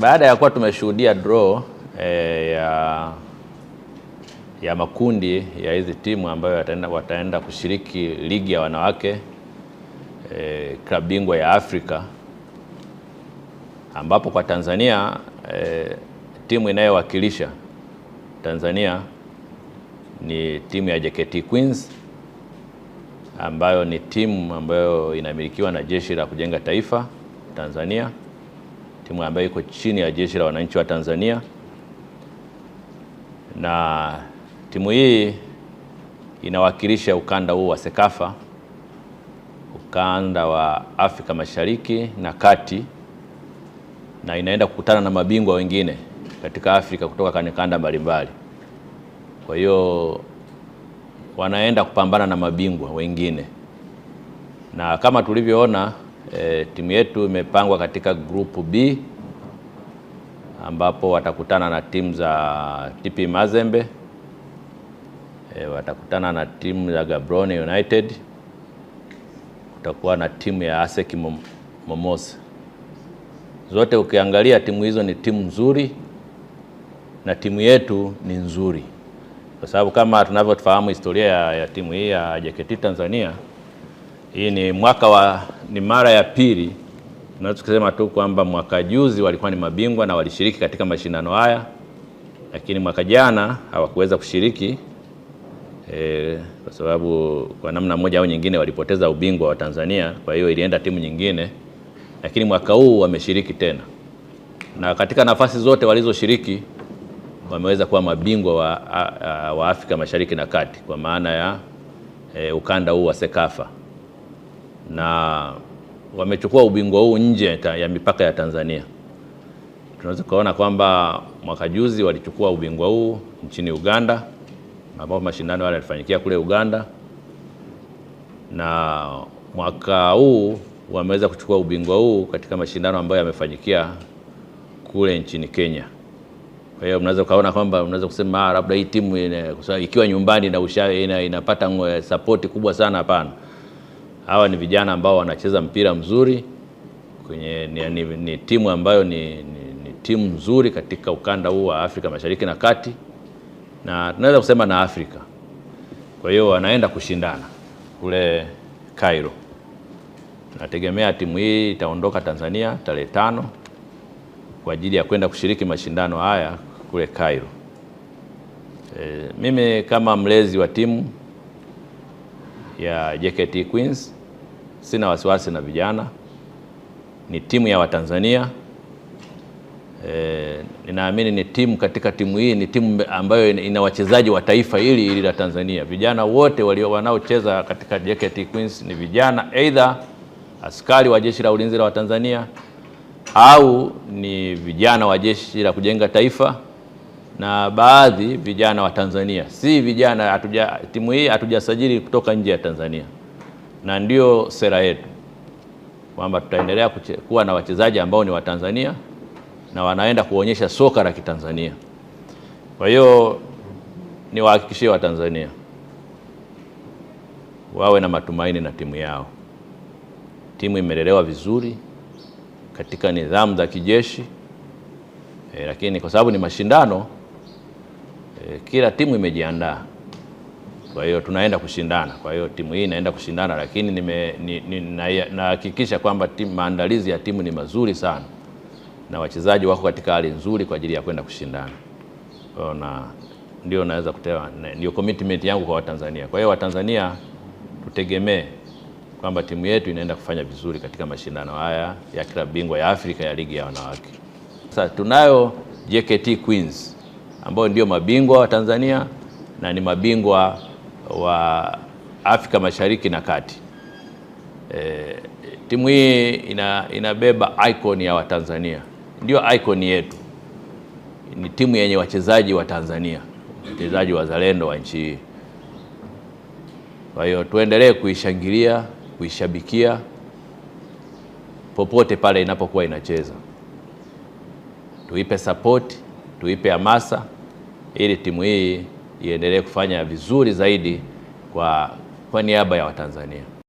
Baada ya kuwa tumeshuhudia draw e, ya, ya makundi ya hizi timu ambayo wataenda, wataenda kushiriki ligi ya wanawake e, klabu bingwa ya Afrika ambapo kwa Tanzania e, timu inayowakilisha Tanzania ni timu ya JKT Queens ambayo ni timu ambayo inamilikiwa na Jeshi la Kujenga Taifa Tanzania timu ambayo iko chini ya Jeshi la Wananchi wa Tanzania, na timu hii inawakilisha ukanda huu wa SEKAFA, ukanda wa Afrika Mashariki na Kati, na inaenda kukutana na mabingwa wengine katika Afrika kutoka kwenye kanda mbalimbali. Kwa hiyo wanaenda kupambana na mabingwa wengine, na kama tulivyoona E, timu yetu imepangwa katika grupu B ambapo watakutana na timu za TP Mazembe e, watakutana na timu za Gaborone United, kutakuwa na timu ya ASEC Mimosas. Zote ukiangalia timu hizo ni timu nzuri na timu yetu ni nzuri, kwa sababu kama tunavyofahamu historia ya, ya timu hii ya JKT Tanzania, hii ni mwaka wa ni mara ya pili, na tukisema tu kwamba mwaka juzi walikuwa ni mabingwa na walishiriki katika mashindano haya, lakini mwaka jana hawakuweza kushiriki e, kwa sababu kwa namna moja au nyingine walipoteza ubingwa wa Tanzania, kwa hiyo ilienda timu nyingine, lakini mwaka huu wameshiriki tena, na katika nafasi zote walizoshiriki wameweza kuwa mabingwa wa, wa Afrika Mashariki na Kati kwa maana ya e, ukanda huu wa Sekafa na wamechukua ubingwa huu nje ya mipaka ya Tanzania. Tunaweza kuona kwamba mwaka juzi walichukua ubingwa huu nchini Uganda, ambapo mashindano yale yalifanyikia kule Uganda, na mwaka huu wameweza kuchukua ubingwa huu katika mashindano ambayo yamefanyikia kule nchini Kenya. Kwa hiyo mnaweza kuona kwamba mnaweza kusema ah, labda hii timu ikiwa nyumbani na usha, ina, inapata support kubwa sana. Hapana hawa ni vijana ambao wanacheza mpira mzuri kwenye, ni, ni, ni timu ambayo ni, ni, ni timu nzuri katika ukanda huu wa Afrika Mashariki na Kati na tunaweza kusema na Afrika. Kwa hiyo wanaenda kushindana kule Cairo. Tunategemea timu hii itaondoka Tanzania tarehe tano kwa ajili ya kwenda kushiriki mashindano haya kule Cairo. E, mimi kama mlezi wa timu ya JKT Queens. Sina wasiwasi na vijana, ni timu ya Watanzania. E, ninaamini ni timu katika timu hii ni timu ambayo ina wachezaji wa taifa hili hili la Tanzania. Vijana wote walio wanaocheza katika JKT Queens ni vijana aidha askari wa jeshi la ulinzi la Watanzania au ni vijana wa jeshi la kujenga taifa na baadhi vijana wa Tanzania, si vijana hatuja, timu hii hatujasajili kutoka nje ya Tanzania, na ndio sera yetu kwamba tutaendelea kuwa na wachezaji ambao ni Watanzania na wanaenda kuonyesha soka la Kitanzania. Kwa hiyo niwahakikishie Watanzania wawe na matumaini na timu yao. Timu imelelewa vizuri katika nidhamu za kijeshi e, lakini kwa sababu ni mashindano Eh, kila timu imejiandaa, kwa hiyo tunaenda kushindana. Kwa hiyo timu hii inaenda kushindana, lakini nime, ni, ni, nahakikisha kwamba maandalizi ya timu ni mazuri sana na wachezaji wako katika hali nzuri kwa ajili ya kwenda kushindana. Kwa hiyo na ndio naweza kutewa, ndio commitment yangu kwa Watanzania. Kwa hiyo Watanzania tutegemee kwamba timu yetu inaenda kufanya vizuri katika mashindano haya ya klabu bingwa ya Afrika ya ligi ya wanawake. Sasa tunayo JKT Queens ambao ndio mabingwa wa Tanzania na ni mabingwa wa Afrika Mashariki na Kati. E, timu hii ina, inabeba icon ya Watanzania, ndio icon yetu. Ni timu yenye wachezaji wa Tanzania, wachezaji wazalendo wa nchi hii. Kwa hiyo tuendelee kuishangilia, kuishabikia popote pale inapokuwa inacheza, tuipe sapoti tuipe hamasa ili timu hii iendelee kufanya vizuri zaidi kwa, kwa niaba ya Watanzania.